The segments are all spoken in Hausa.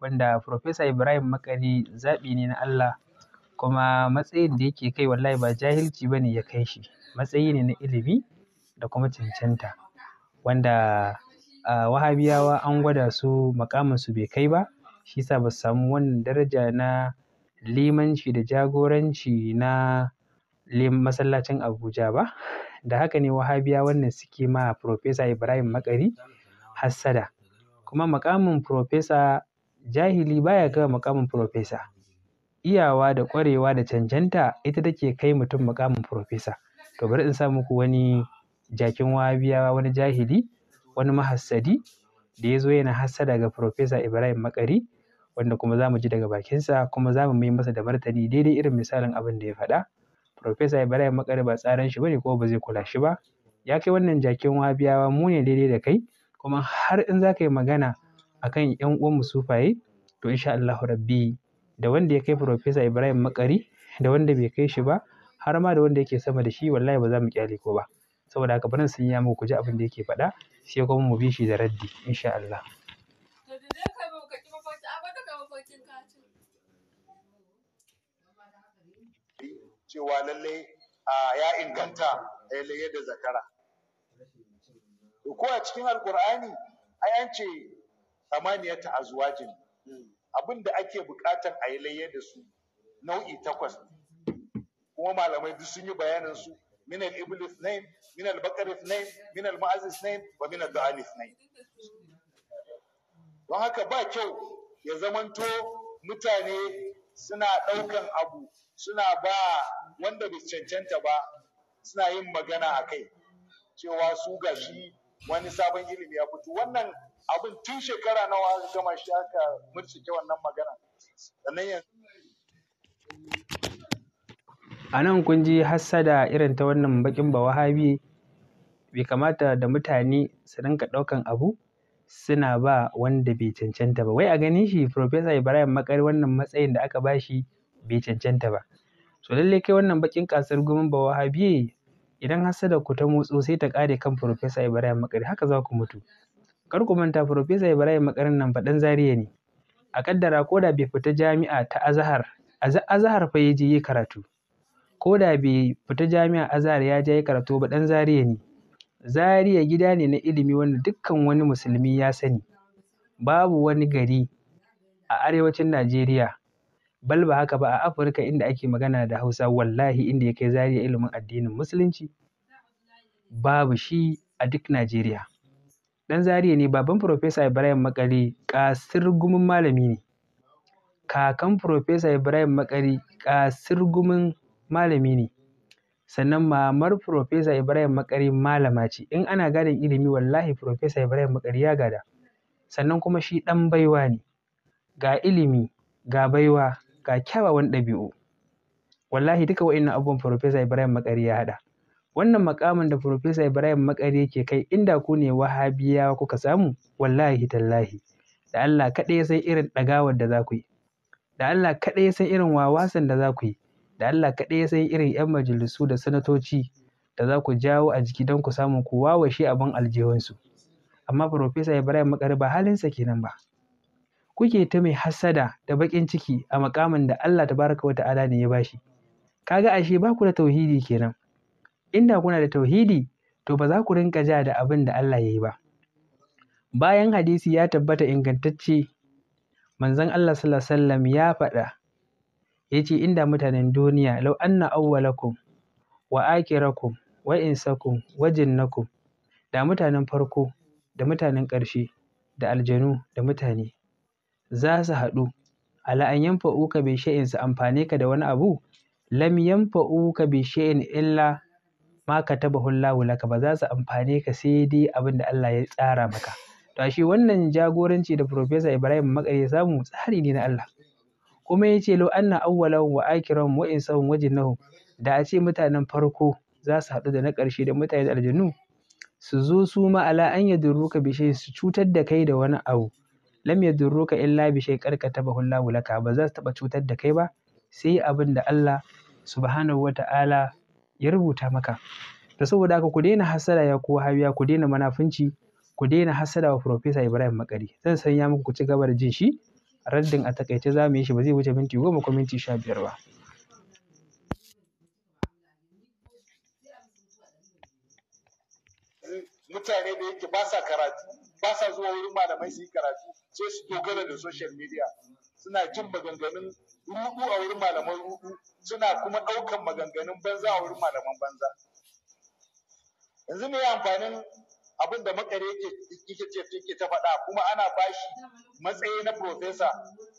wanda Profesa Ibrahim Makari zaɓi ne na Allah kuma matsayin da yake kai wallahi ba jahilci ba ne ya kai shi matsayi ne na ilimi da kuma cancanta wanda wahabiyawa an gwada su makamansu bai kai ba shi sa ba su samu wannan daraja na limanci da jagoranci na masallacin Abuja ba da haka ne wahabiya wannan suke ma Profesa Ibrahim Makari hassada Kuma muƙamin furofesa jahili baya kaiwa muƙamin furofesa. Iyawa da ƙwarewa da cancanta ita take kai mutum muƙamin furofesa. To bari in sa muku wani jakin wahabiyawa, wani jahili, wani mahassadi da ya zo yana hassada ga Furofesa Ibrahim Makari wanda kuma za mu ji daga bakinsa kuma za mu mai masa da martani daidai irin misalin abin da ya faɗa. Furofesa Ibrahim Makari ba tsaran shi bane ko ba zai kula shi ba. Ya kai wannan jakin wabiyawa mu ne daidai da kai. kuma har in za ka yi magana a kan yan uwanmu sufaye to sha Allah rabbi da wanda ya kai Professor Ibrahim Makari da wanda bai kai shi ba har ma da wanda yake sama da shi wallahi ba za mu kyale ko ba saboda haka barin sun yi muku ku ji abin da yake faɗa sai kuma mu bi shi da raddi sha Allah cewa lallai ya inganta eh, yadda zakara ko a cikin alkur'ani ai an ce ta azwajin abin da ake buƙatar a yi layya da su nau'i takwas kuma malamai duk sun yi bayanin su min al-ibl ithnain min al-baqar ithnain min al-ma'az ithnain wa min al-da'al ithnain don haka ba kyau ya zamanto mutane suna ɗaukan abu suna ba wanda bai cancanta ba suna yin magana a kai cewa su gashi wani sabon ilimi ya fito wannan abin tun shekara nawa aka gama shi aka murcike wannan magana sannan yanzu a nan kun ji hassada irin ta wannan bakin ba wahabi bai kamata da mutane su rinka ɗaukan abu suna ba wanda bai cancanta ba wai a ganin shi Profesa Ibrahim Makar wannan matsayin da aka ba shi bai cancanta ba so lallai kai wannan bakin kasar gumin ba wahabi Idan hassada ku ta motso sai ta kare kan Farfesa Ibrahim Makari haka za ku mutu. Kar ku manta Farfesa Ibrahim Makarin nan faɗan zariya ne. A kaddara ko da bai fita jami'a ta Azahar, Azahar fa ya je yi karatu. Ko da bai fita jami'a Azahar ya je yi karatu ba ɗan zariya ne. Zariya gida ne na ilimi wanda dukkan wani musulmi ya sani. Babu wani gari a arewacin Najeriya bal ba haka ba a Afirka inda ake magana da Hausa wallahi inda ya kai zariya ilimin addinin musulunci babu shi a duk Najeriya. Ɗan zariya ne baban Profesa Ibrahim Makari kasir gumin malami ne. Kakan Profesa Ibrahim Makari kasir gumin malami ne. Sannan mamar Profesa Ibrahim Makari malama ce. In ana gadon ilimi wallahi Profesa Ibrahim Makari ya gada. Sannan kuma shi ɗan baiwa ne. Ga ilimi, ga baiwa, ga kyawawan ɗabi'u wallahi duka wa'innan abubuwan Profesa Ibrahim Makari ya haɗa wannan makamin da Profesa Ibrahim Makari yake kai inda ku ne wahabiyawa kuka samu wallahi tallahi da Allah kaɗai ya san irin ɗagawar da za ku yi da Allah kaɗai ya san irin wawasan da za ku yi da Allah kaɗai ya san irin 'yan majalisu da sanatoci da za ku jawo a jiki don ku samu ku wawashe abin aljihunsu amma Profesa Ibrahim Makari ba halinsa kenan ba kuke ta mai hassada da baƙin ciki a makamin da Allah tabaraka wa ta'ala ne ya ba shi? Ka ga ashe ba ku da tauhidi kenan inda kuna da tauhidi to ba za ku rinka ja da abin da Allah ya yi ba bayan hadisi ya tabbata ingantacce manzon Allah sallallahu alaihi wasallam ya faɗa yace inda mutanen duniya law anna awwalakum wa akhirakum wa insakum wa jinnakum da mutanen farko da mutanen ƙarshe da aljanu da mutane za su haɗu ala an ka bi shay'in su amfane ka da wani abu lam yanfa'uka bi in illa ma ka taba hulla laka ba za su amfane ka sai dai abin da Allah ya tsara maka to shi wannan jagoranci da Professor Ibrahim Makare ya samu tsari ne na Allah kuma ya ce lau anna awwalahum wa akhirahum wa insahum wajinahu da a ce mutanen farko za su haɗu da na ƙarshe da mutane aljannu aljanu su zo su ma ala an yadurruka bi su cutar da kai da wani abu lam yadurruka illa bi shay karkata bahullahu laka ba za su taba cutar da kai ba sai abin da Allah subhanahu wata'ala ya rubuta maka da saboda haka ku daina hasada ya ku hawiya ku daina manafinci ku daina hasada wa Profesa Ibrahim Makari zan sanya muku ku ci gaba da jin shi raddin a takaice za mu yi shi ba zai wuce minti goma ko minti sha biyar ba. Mutane da yake ba sa karatu, ba sa zuwa wurin malamai su yi karatu, sai su dogara da social media suna jin maganganun rudu a wurin malaman rudu suna kuma ɗaukan maganganun banza a wurin malaman banza yanzu ne amfanin abin da makare yake ta faɗa kuma ana bashi matsayi na profesa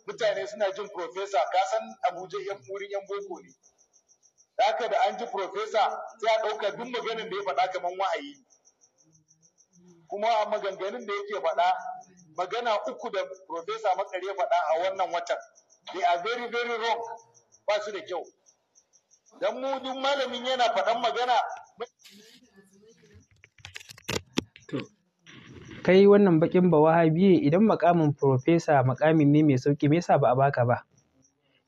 mutane suna jin profesa ka san abuja yan wurin yan boko ne haka da an ji profesa sai a ɗauka duk maganin da ya faɗa kamar wa'ayi. kuma a maganganun da yake faɗa magana uku da Profesa Makare faɗa a wannan watan. They are very very wrong. Ba su da kyau. Dan mu duk malamin yana faɗan magana. Kai wannan bakin ba wahabiye idan makamin Profesa makamin ne mai sauki me yasa ba a baka ba?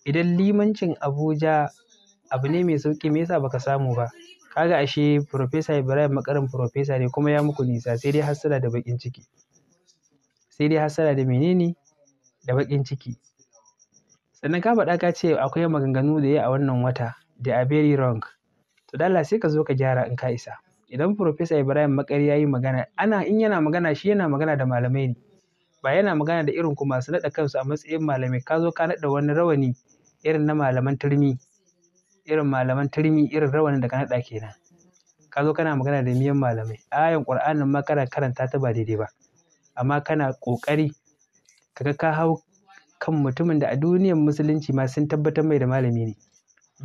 Idan limancin Abuja abu ne mai sauki me yasa baka samu ba? Kaga ashe Profesa Ibrahim makarin Profesa ne kuma ya muku nisa sai dai hassada da bakin ciki. sai dai hassada da menene da baƙin ciki sannan ka faɗa ka ce akwai maganganu da yawa a wannan wata da a very wrong to dala sai ka zo ka gyara in ka isa idan Profesa Ibrahim Makari ya yi magana ana in yana magana shi yana magana da malamai ne ba yana magana da irin ku masu naɗa kansu a matsayin malamai ka zo ka naɗa wani rawani irin na malaman turmi irin malaman turmi irin rawanin da ka naɗa kenan ka zo kana magana da miyan malamai ayan ƙur'anin ma kana karanta ta ba daidai ba amma kana ƙoƙari kaga ka hau kan mutumin da a duniyar musulunci ma sun tabbatar mai da malami ne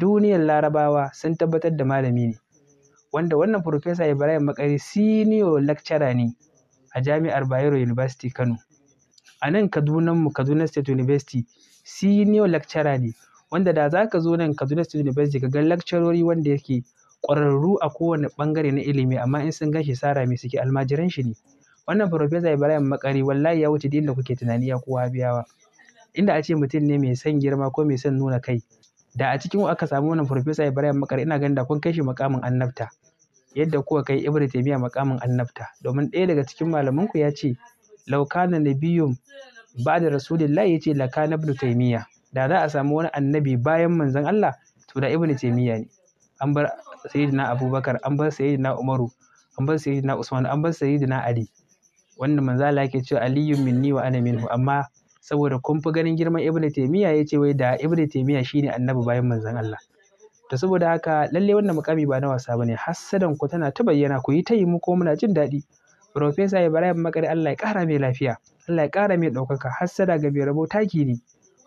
duniyar larabawa sun tabbatar da malami ne wanda wannan Profesa Ibrahim Makari senior lecturer ne a jami'ar Bayero University Kano a nan Kadunanmu Kaduna State University senior lecturer ne wanda da za ka zo nan Kaduna State University ka ga lakcarori wanda yake ƙwararru a kowane ɓangare na ilimi amma in sun gan shi sara mai suke almajiran shi ne Wannan Farfesa Ibrahim Makari wallahi ya wuce duk inda kuke tunani ya kowa biyawa Inda a ce mutum ne mai son girma ko mai son nuna kai. Da a cikin aka samu wannan Farfesa Ibrahim Makari ina ganin da kun kai shi makamin annabta. Yadda kuka kai Ibn Taymiya muƙamin annabta. Domin ɗaya daga cikin ku ya ce laukana kana nabiyyun ba'da rasulillahi yace ce kana Ibn taymiya da za a samu wani annabi bayan manzon Allah to da Ibn taymiya ne an bar sayyidina abubakar an bar sayyidina umaru an bar sayyidina usman an bar sayyidina ali wanda manzo Allah yake cewa aliyu minni wa ana minhu amma saboda kun fi ganin girman Ibn ya yace wai da Ibn taymiya shine annabi bayan manzon Allah to saboda haka lalle wannan mukami ba na wasa bane hassadan ku tana ta bayyana ku yi ta mu ko muna jin daɗi Profesa Ibrahim Makari Allah ya ƙara mai lafiya Allah ya ƙara mai ɗaukaka hassada ga mai rabo taki ne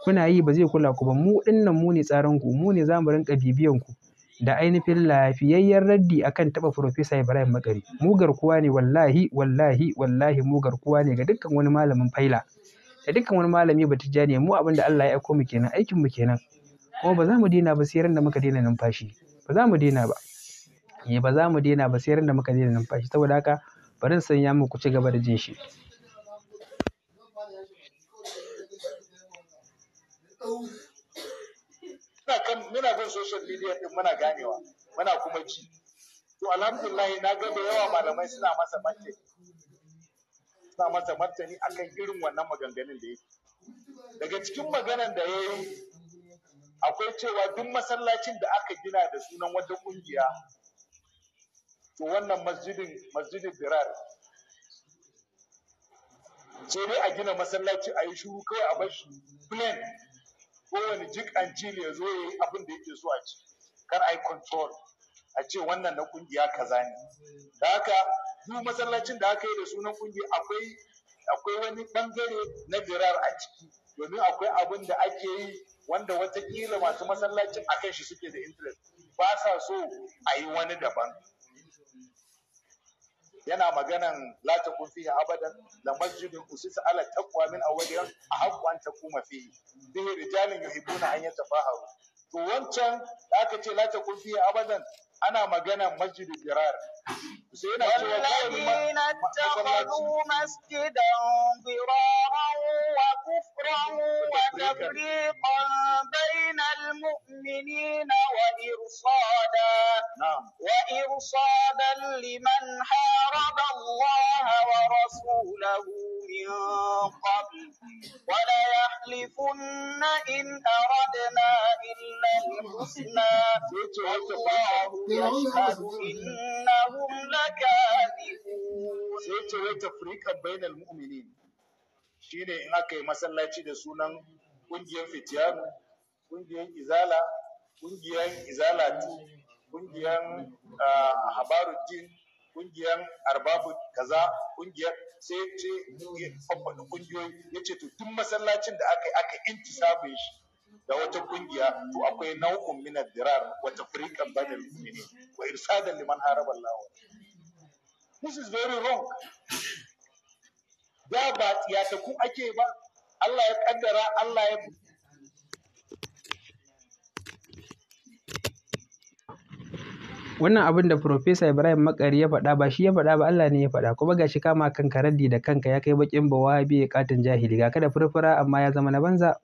kuna yi ba zai kula ku ba mu dinnan mu ne tsaron ku mu ne za rinka bibiyan ku da ainihin lafiyayyen raddi akan taɓa Profesa Ibrahim Makari. mugar garkuwa ne wallahi wallahi wallahi mu garkuwa ne ga dukkan wani malamin faila. Da dukkan wani malami ba ne mu abin da Allah ya aiko mu kenan aikin mu kenan. Kuma ba za mu dina ba sai da muka daina numfashi. Ba za mu dina ba. Eh, ba za mu dina ba sai da muka daina numfashi saboda haka bari in sanya muku ci gaba da jin shi. social media din muna ganewa muna kuma ji. to alhamdulillah na ga da yawa malamai suna masa martani suna masa martani akan irin wannan maganganun da yake daga cikin maganan da ya akwai cewa duk masallacin da aka gina da sunan wata kungiya to wannan masjidin masjidin dirar sai dai a gina masallaci a yi shuru kawai a bar shi kowane jikan jil ya zo ya yi abin da yake so a ci kar a yi control a ce wannan na kungiya kaza ne da haka duk masallacin da aka yi da sunan kungiya akwai akwai wani bangare na birar a ciki domin akwai abin da ake yi wanda wata kila masu masallacin akan shi suke da interest ba sa so a yi wani daban yana maganan la takun fihi abadan la masjidin usisa ala taqwa min awwalihim ahqqu an takuma fihi bihi rijalun yuhibbuna an yatafaharu to wancan da aka ce la fihi abadan ana maganan masjidu dirar sai yana cewa kawai masallaci masjidan diraran wa kufran wa انصابا لمن حارب الله ورسوله من قبل ولا يحلفن ان اردنا الا الحسنى والله يشهد انهم لكاذبون shine in aka yi masallaci da sunan kungiyar fitiyanu kungiyar izala kungiyar kungiyan ah, habaruddin kungiyan arbabu kaza kungiyar sai ce faɗi kungiyoyi ya ce to duk masallacin da aka yi aka intisabin shi da wata kungiya to akwai nau'un minar dirar wata firikan banal mu'minin wa irsadar liman haraba lawa this is very wrong da ba ku ake ba Allah ya kaddara Allah ya wannan abin da Profesa Ibrahim Makari ya faɗa ba shi ya faɗa ba Allah ne ya faɗa kuma ga shi kama kanka raddi da kanka ya kai bakin bawa ya katin jahili ga kada furfura amma ya zama na banza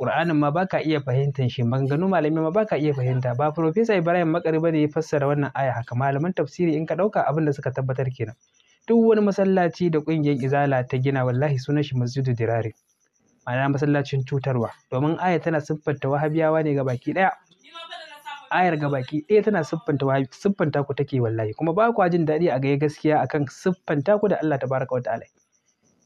Qur'anin ma baka iya fahimtar shi maganganu malami ma baka iya fahimta ba Profesa Ibrahim Makari bane ya fassara wannan aya haka malaman tafsiri in ka ɗauka abin da suka tabbatar kenan duk wani masallaci da ƙungiyar Izala ta gina wallahi sunan shi Masjidu dirari ma'ana masallacin cutarwa domin aya tana ta wahabiyawa ne ga baki daya ayar gabaki ɗaya tana siffanta ku take wallahi kuma ba kwa jin daɗi a gaya gaskiya akan siffanta ku da Allah tabaraka wata'ala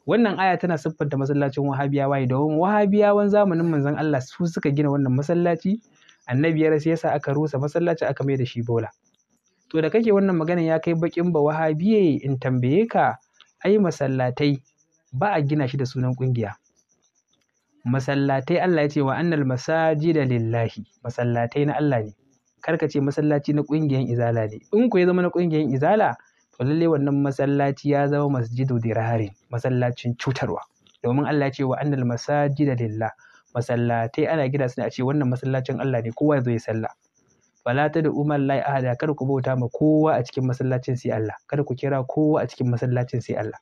wannan aya tana siffanta masallacin wahabiyawa domin wahabiyawan zamanin manzon Allah su suka gina wannan masallaci annabi ya rasa yasa aka rusa masallaci aka mai da shi bola to da kake wannan magana ya kai bakin ba wahabiye in tambaye ka ai masallatai ba a gina shi da sunan kungiya masallatai Allah ya ce wa annal masajida lillahi masallatai na Allah ne kar ka ce masallaci na ƙungiyar izala ne in ku ya zama na ƙungiyar izala to lalle wannan masallaci ya zama masjidu dirarin masallacin cutarwa domin Allah ya ce wa annal masajida lillah masallatai ana gida suna a ce wannan masallacin Allah ne kowa zai zo ya fala ta da umar lai ahada kada ku bauta ma kowa a cikin masallacin sai Allah kada ku kira kowa a cikin masallacin sai Allah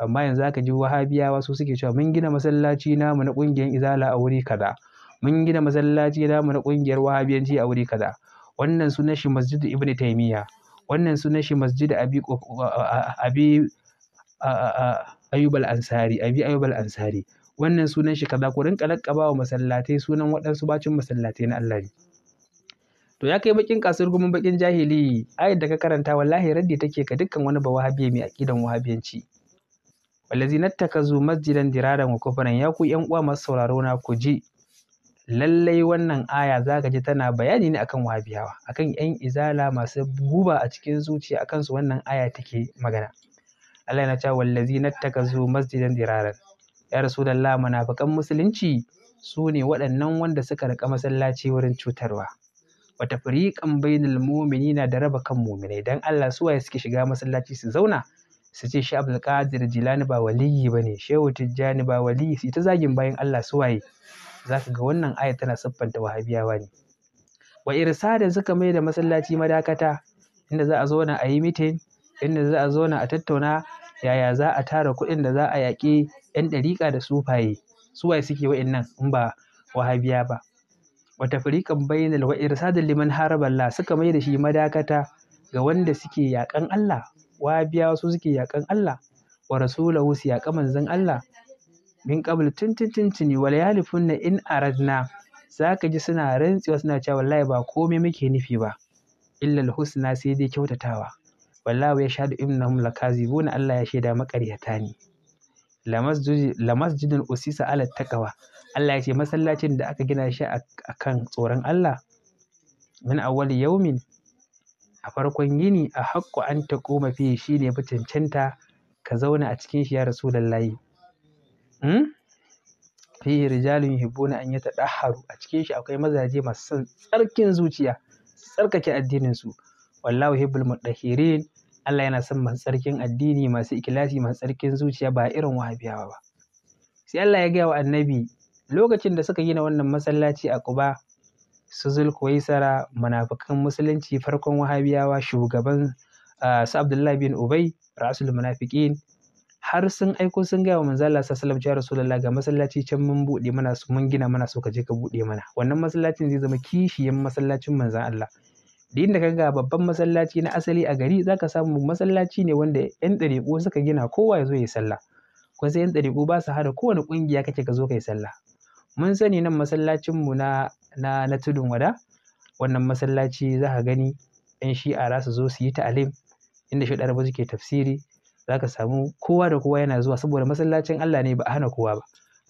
amma yanzu aka ji wahabiyawa su suke cewa mun gina masallaci namu na kungiyar izala a wuri kaza mun gina masallaci namu na kungiyar wahabiyanci a wuri kaza wannan sunan shi Masjid ibn taymiya wannan sunan shi masjidu abi abi ayyub al-ansari abi ayyub al-ansari wannan sunan shi kaza ku rinka lakkaba masallatai sunan waɗansu bacin masallatai na Allah ne to ya kai baƙin kasar gumin bakin jahili ayat da ka karanta wallahi raddi take ka dukkan wani bawahabiyya mai aqidan wahabiyanci wallazi zo masjidan diraran wa kufran ya ku yan uwa masu sauraro na ku ji lallai wannan aya za ka ji tana bayani ne akan wahabiyawa akan yan izala masu guba a cikin zuciya akan su wannan aya take magana Allah na cewa wallazi nattakazu masjidan diraran ya rasulullah munafikan musulunci su ne waɗannan wanda suka rika masallaci wurin cutarwa wata fariƙan bainal na da raba kan mu'minai dan Allah su waye suke shiga masallaci su zauna su ce shi Abdul Qadir Jilani ba waliyi bane Shehu Tijjani ba waliyi su ta zagin bayan Allah su waye za ka ga wannan aya tana siffanta wahabiyawa ne wa da suka mai da masallaci madakata inda za a zauna a yi mitin inda za a zauna a tattauna yaya za a tara kuɗin da za a yaƙi 'yan ɗariƙa da sufaye waye suke wa'innan in ba wahabiya ba wata firikan bainal wa irsadin liman haraballah suka mai da shi madakata ga wanda suke yaƙan Allah wahabiyawa su suke yaƙan Allah wa rasulahu su yaƙa manzon Allah min qabl tuntun tintintini wal yahlifunna in aradna zaka ji suna rantsewa suna cewa wallahi ba komai muke nufi ba illal husna sai dai kyautatawa wallahu ya shahadu innahum lakazibuna Allah ya shaida makaryata ne lamasjidin usisa ala taqwa Allah ya ce masallacin da aka gina shi akan tsoron Allah min awwal yaumin a farkon yini a haƙƙo an taƙoma fiye shi ne ka zauna a cikin shi ya rasulallahi Hmm? Fihi rijalun yuhibbuna an yatadahharu a cikin shi akwai mazaje masu son tsarkin zuciya, tsarkake addinin su. Wallahu yuhibbul mutahhirin. Allah yana son masu tsarkin addini, masu ikhlasi, masu tsarkin zuciya ba irin wahabiyawa ba. Sai Allah ya gaya wa Annabi lokacin da suka gina wannan masallaci a Quba su Zulkuwaisara munafikan musulunci farkon wahabiyawa shugaban ah, su Abdullahi bin Ubay rasul munafiqin har sun aiko sun gaya wa manzo Allah sallallahu alaihi ga masallaci can mun bude mana su mun gina mana su ka je ka bude mana wannan masallacin zai zama kishiyan masallacin manzo Allah da inda kaga babban masallaci na asali a gari zaka samu masallaci ne wanda yan dariƙo suka gina kowa ya zo ya sallah ko sai yan dariƙo ba su hada kowane kungiya kake ka zo kai sallah mun sani nan masallacin mu na na na tudun wada wannan masallaci za ka gani yan shi'a za su zo su yi ta'alim inda shi ɗarabu suke tafsiri za ka samu kowa da kowa yana zuwa saboda masallacin Allah ne ba a hana kowa ba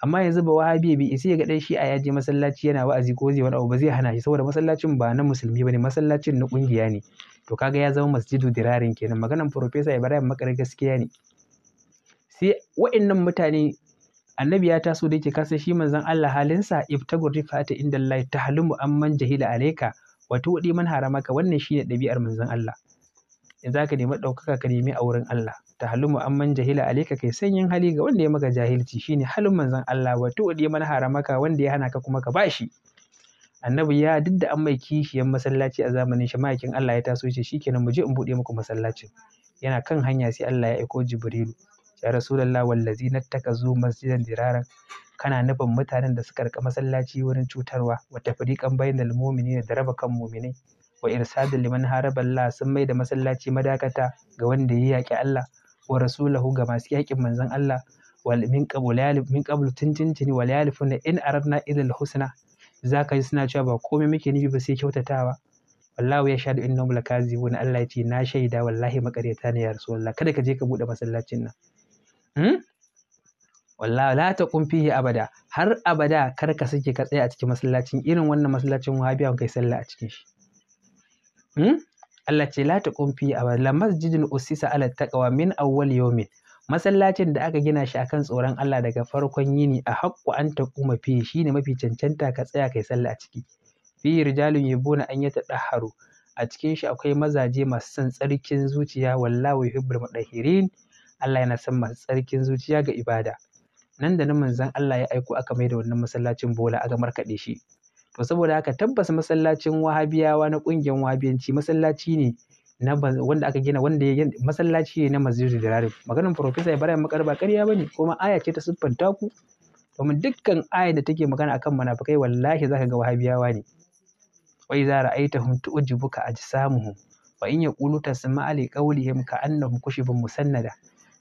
amma yanzu ba wahabi bi ya ga dan shi a yaje masallaci yana wa'azi ko zai wani abu ba zai hana shi saboda masallacin ba na musulmi bane masallacin na kungiya ne to kaga ya zama masjidu dirarin kenan maganan professor Ibrahim Makar gaskiya ne sai wa'annan mutane annabi ya taso da yake kasa shi manzon Allah halinsa ibtagur rifata inda Allah tahlumu amman jahila alayka wato tuwadi man haramaka wannan shine dabi'ar manzon Allah in zaka nemi ɗaukaka ka nemi a wurin Allah tahallumu amman jahila alayka kai sanyin hali ga wanda ya maka jahilci shine halin manzon Allah wa tu'di man haramaka wanda ya hana ka kuma ka bashi annabi ya duk da an mai kishiyan masallaci a zamanin shi ma'aikin Allah ya taso shi shikenan mu je in bude muku masallacin yana kan hanya sai Allah ya aiko Jibrilu ya rasulullah wallazi nattakazu masjidan diraran kana nufin mutanen da suka rika masallaci wurin cutarwa wa tafriqan bainal mu'minin da raba kan mu'minai wa irsadul liman haraballah sun mai da masallaci madakata ga wanda ya yaƙi Allah wa rasulahu ga masu yakin manzon Allah wal min qabl min qabl tintintini wal yalifuna in aradna idal husna zaka ji suna cewa ba komai muke nufi ba sai kyautatawa wallahu ya shahadu innahum lakazibun Allah ya ce na shaida wallahi makaryata ne ya rasulullah kada ka je ka bude masallacin nan hmm? wallahi la ta fihi abada har abada kar ka sake ka tsaya a cikin masallacin irin wannan masallacin wahabiya kai sallah a cikin shi hmm? Allah ce la taqum fi abada masjidin usisa ala taqwa min awwal yawmin masallacin da aka gina shi akan tsoron Allah daga farkon yini a haƙƙu an taquma fi shine mafi cancanta ka tsaya kai sallah a ciki fi rijalun yubuna an yatadahharu a cikin shi akwai mazaje masu san tsarkin zuciya wallahi hubbul mudahirin Allah yana son masu tsarkin zuciya ga ibada nan da nan manzon Allah ya aiko aka mai da wannan masallacin bola aka markaɗe shi to saboda haka tabbas masallacin wahabiyawa na ƙungiyar wahabiyanci masallaci ne na wanda aka gina wanda ya masallaci ne na masjidu dirari maganin profesa ibrahim makarba ƙarya bane kuma aya ce ta siffanta ku domin dukkan aya da take magana akan munafukai, wallahi zaka ga wahabiyawa ne wa idza ra'aytahum tu'jibuka ajsamuhum wa in yaqulu tasma'a li qawlihim ka'annahum kushubun musannada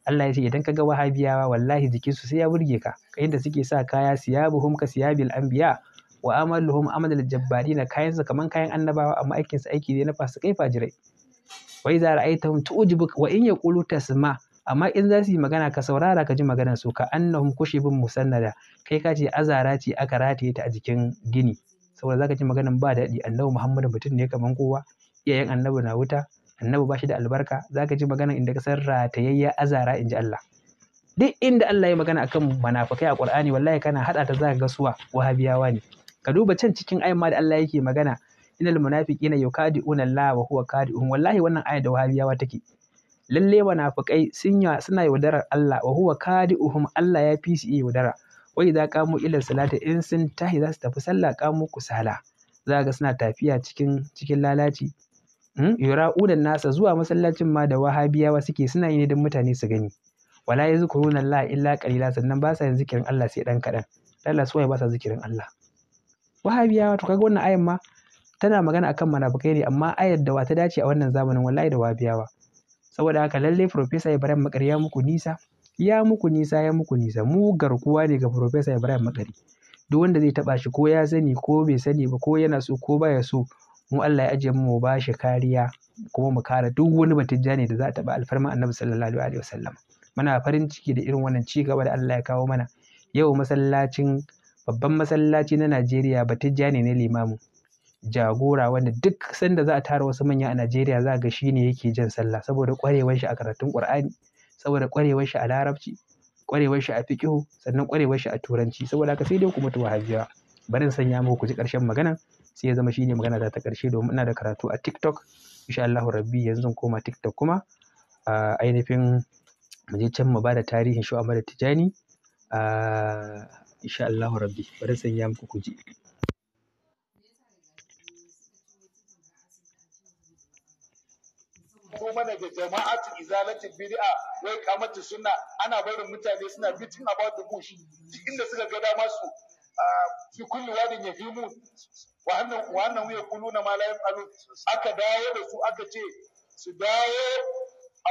Allah ya ce idan ka ga wahabiyawa wallahi jikinsu sai ya burge ka kayan da suke sa kaya siyabuhum ka siyabil anbiya wa amaluhum amalal jabbarina kayan su kaman kayan annabawa amma aikin su aiki ne na fasikai fajirai wa idza ra'aytahum tu'jibu wa in yaqulu tasma amma in za su yi magana ka saurara ka ji maganar su ka annahum kushibun musannada kai ka ce azara ce aka rataye ta a jikin gini saboda zaka ji maganar ba daɗi annabi muhammadu mutum ne kaman kowa iyayen annabi na wuta annabi ba shi da albarka zaka ji maganar inda ka san ratayayya azara ji Allah duk inda Allah ya magana akan munafikai a Qur'ani wallahi kana hada ta zaka ga suwa wahabiyawa ne ka duba can cikin ayan ma da Allah yake magana innal munafiqina yukadi'una Allah wa huwa kadi'un wallahi wannan aya da wahabiyawa take lalle munafiqai sun suna yaudarar Allah wa huwa kadi'uhum Allah ya fi su yaudara wa idza qamu ila salati in sun tahi za su tafi sallah qamu kusala za ga suna tafiya cikin cikin lalaci hmm? yura'unan nasa zuwa masallacin ma da wahabiyawa suke suna yi ne don mutane su gani wala yazkuruna Allah illa qalila sannan ba sa yin zikirin Allah sai dan kadan Allah suwaye ba sa zikirin Allah wahabiyawa to kaga wannan ayan ma tana magana akan munafukai ne amma ayar da ta dace a wannan zamanin wallahi da wahabiyawa saboda haka lallai Profesa Ibrahim Makari ya muku nisa ya muku nisa ya muku nisa mu garkuwa ne ga Profesa Ibrahim Makari duk wanda zai taba shi ko ya sani ko bai sani ba ko yana so ko baya so mu Allah ya ajiye mu mu ba shi kariya kuma mu kare duk wani batijja ne da za ta taba alfarma Annabi sallallahu alaihi wasallam muna farin ciki da irin wannan ci gaba da Allah ya kawo mana yau masallacin babban masallaci na Najeriya ba Tijjani ne Limamu? jagora wanda duk sanda za a tara wasu manya a Najeriya za ga shi ne yake jan sallah saboda kwarewar shi a karatun Qur'ani saboda kwarewar shi a Larabci kwarewar shi a fiqh sannan kwarewar shi a Turanci saboda haka sai dai ku mutu wahabiya bari in sanya muku ku ji karshen magana sai ya zama shi ne magana ta karshe domin ina da karatu a TikTok insha Allah rabbi yanzu koma TikTok kuma a ainihin mu je can mu ba da tarihin shu'amar Tijani a insha Allahu rabbi bari sanya muku kuji ko mana da jama'atu izalati bid'a wai kamata suna ana barin mutane suna bitin about the bush duk inda suka ga dama su fi kulli wadin yahimu wa annan wa annan ya kuluna ma la yafalu aka dawo da su aka ce su dawo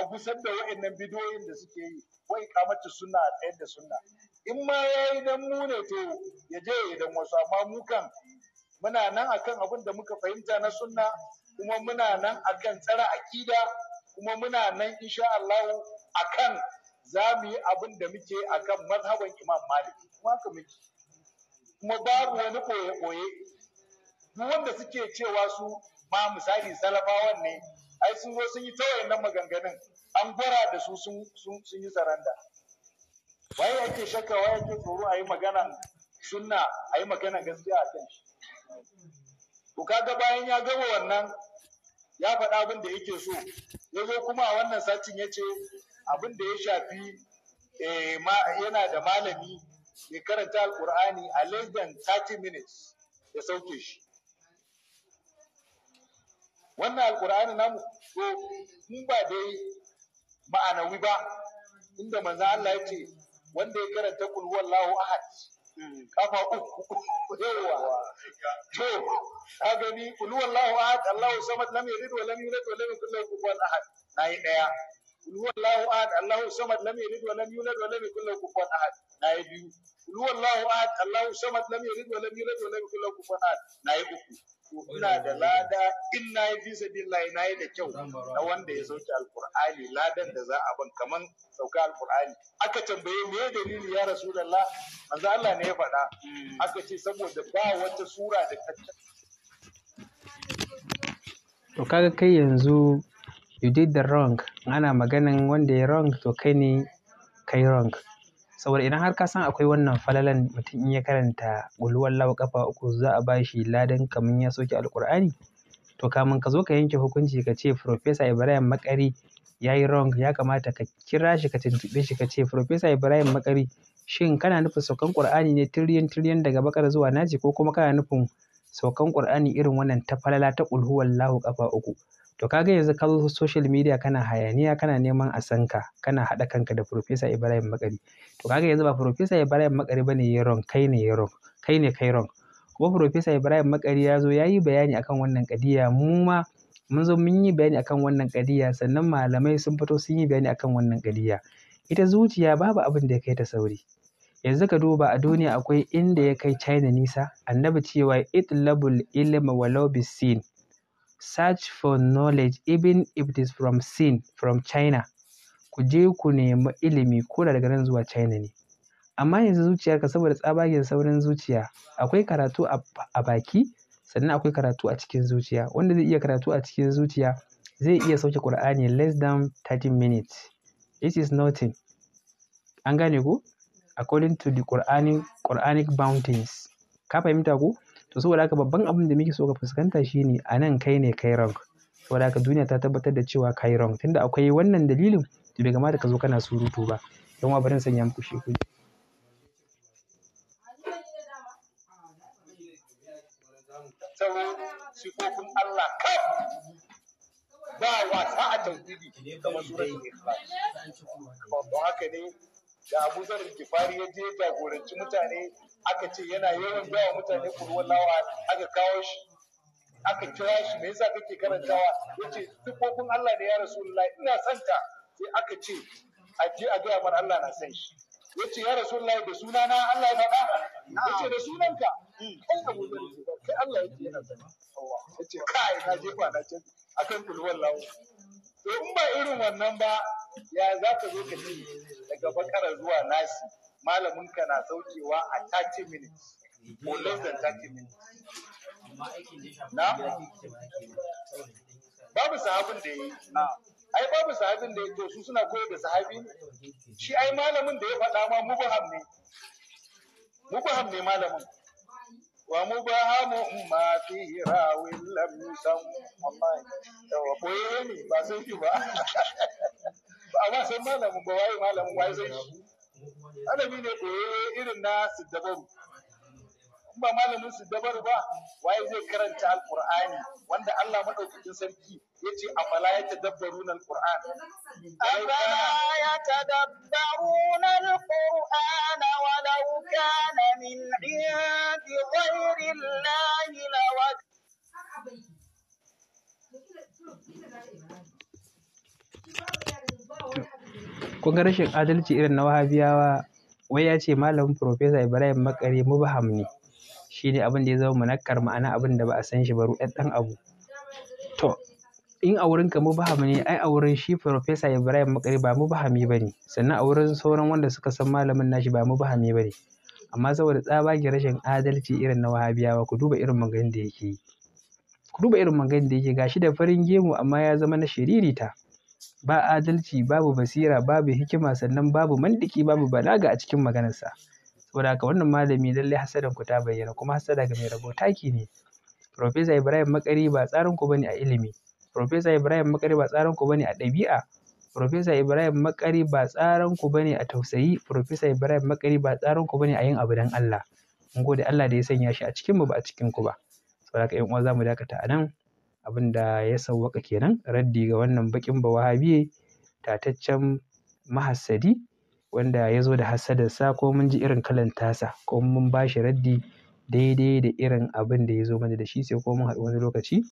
a gusar da wa'annan bidiyoyin da suke yi wai kamata suna a tsayar da sunna in ma ya yi dan mu ne to ya je ya dan wasu amma mu kan muna nan akan abin da muka fahimta na sunna kuma muna nan akan tsara akida kuma muna nan insha Allah akan za mu yi abin da muke akan mazhaban Imam Malik kuma ka muke kuma babu wani koye-koye duk wanda suke cewa su ma misali salafawan ne ai sun zo sun yi ta nan maganganun an gwara da su sun yi saranda waye yake shakka waye yake tsoro a yi magana sunna ayi yi magana gaskiya a kan shi to kaga bayan ya gama wannan ya faɗa abin da yake so ya kuma a wannan satin ya ce abin da ya shafi eh, yana da malami ya karanta alkur'ani a less than 30 minutes ya sauke shi wannan Alƙur'ani namu ko in ba dai ma'anawi ba inda manzo Allah ya ce wanda ya karanta kul wallahu ahad hmm. kafa uku yawa to ka gani kul wallahu ahad Allahu samad lam yalid wa lam yulad wa lam yakul lahu kufuwan ahad nayi daya ahad Allahu samad lam yalid wa lam yulad wa lam yakul lahu kufuwan ahad nayi biyu ahad Allahu samad lam yalid wa lam yulad wa lam yakul lahu kufuwan ahad nayi uku ina da lada in na yi fi sabillahi na yi da kyau na wanda ya sauke alkur'ani ladan da za a ban kamar sauka alkur'ani aka tambaye me dalili ya rasu da la manzo Allah ne ya faɗa aka ce saboda ba wata sura da ta to kaga kai yanzu you did the wrong ana maganin wanda ya wrong to kai ne kai wrong saboda idan har ka san akwai wannan falalan mutum in ya karanta qul huwallahu kafa uku za a bashi ladan kaman ya sauke alqur'ani to kamin ka zo ka yanke hukunci ka ce Profesa Ibrahim Makari ya yi wrong ya kamata ka kira shi ka tuntuɓe shi ka ce Profesa Ibrahim Makari shin kana nufin saukan Qur'ani ne tiryan tiryan daga bakar zuwa naji ko kuma kana nufin saukan Qur'ani irin wannan ta falala ta qul huwallahu kafa uku to kaga yanzu ka zo social media kana hayaniya kana neman a san ka kana haɗa kanka da professor Ibrahim Makari to kaga yanzu ba professor Ibrahim Makari bane ya wrong kai ne ya wrong kai ne kai wrong kuma professor Ibrahim Makari ya zo ya yi bayani akan wannan kadiya mu ma mun zo mun yi bayani akan wannan kadiya sannan malamai sun fito sun yi bayani akan wannan kadiya ita zuciya babu abin da ya kai ta sauri yanzu ka duba a duniya akwai inda ya kai China nisa annabi cewa itlabul ilma walau bisin Search for knowledge even if it is from Sin, from China. Ku je ku nemi ilimi ko daga nan zuwa China ne. Amma yanzu zuciyarka saboda tsabagen saurin zuciya, akwai karatu a baki sannan akwai karatu a cikin zuciya. Wanda zai iya karatu a cikin zuciya zai iya sauke qur'ani less than 30 minutes. It is nothing. An gane ku? According to the Quranic, Quranic Ka fahimta ku? to saboda haka babban abin da muke so ka fuskanta shine a nan kai ne kai wrong saboda haka duniya ta tabbatar da cewa kai wrong tunda akwai wannan dalilin to bai kamata ka zo kana surutu ba don wa bari sanya muku shi sifofin Allah kaf ba wasa a tauhidi kamar suratul ikhlas don haka ne da Abu zan Gifari ya je jagoranci mutane aka ce yana yawan jawa mutane kurwan lawa aka kawo shi aka kira shi me yasa kake karantawa yace tukokun Allah ne ya Rasulullah ina santa sai aka ce a je a ga mar Allah na san shi yace ya Rasulullah da sunana Allah ya faɗa yace da sunanka kai Abu Zar kai Allah yake yana san Allah yace kai na je kwana can akan kurwan lawa to in ba irin wannan ba ya za ka zo ka ce daga bakara zuwa nasi malamin ka na saukewa a 30 minutes ko less than 30 minutes na babu sahabin da yi ai babu sahabin da ya to su suna koyar da sahabi shi ai malamin da ya faɗa ma mu mubaham ne mu mubaham ne malamin wa mu ba mubahamu ma fi rawin lam yusam wallahi to koyo ne ba sai ki ba amma sai malamin ba waye malamin waye zai shi adabi ne koye irin na siddabaru in ba malamin siddabaru ba waye zai karanta alqur'ani wanda Allah madaukakin sarki ya ya ce a bala yace afala yatadabbaruna alqur'an afala yatadabbaruna alqur'ana walau kana min 'indi ghayri allahi lawaj Thank you. Kun ga rashin adalci irin na Wahabiyawa, wai ya ce malamin Profesa Ibrahim Maƙari mubham ne. Shi ne abin da ya zama munakkar ma'ana abin da ba a san shi ba ruɗaɗɗen abu. To, in a wurinka mubham ne, ai a wurin shi Profesa Ibrahim makare ba mu ba ne. Sannan a wurin sauran wanda suka san malamin nashi ba mu ba ne. Amma saboda tsabagi rashin adalci irin na Wahabiyawa, ku duba irin maganganun da yake yi. Ku duba irin da yake gashi da farin gemu amma ya zama na shiririta. ba adalci, babu basira, babu hikima sannan babu mandiki, babu balaga a cikin maganarsa. Saboda haka wannan malami lallai hasadan ku ta bayyana kuma hasada ga mai rabo taki ne. Profesa Ibrahim Makari ba tsarin ku bane a ilimi. Profesa Ibrahim Makari ba tsarin ku bane a ɗabi'a. Profesa Ibrahim Makari ba tsarin ku bane a tausayi. Profesa Ibrahim Makari ba tsarin ku bane a yin abu don Allah. Mun gode Allah da ya sanya shi a cikin mu ba a cikin ku ba. Saboda haka ƴan uwa za dakata anan. abin da ya sauwaka kenan raddi ga wannan baƙin bawahabiye tataccen mahassadi wanda ya zo da hassadarsa ko mun ji irin kalan tasa ko mun ba shi raddi daidai da irin abin da ya zo mana da shi sai ko mun haɗu wani lokaci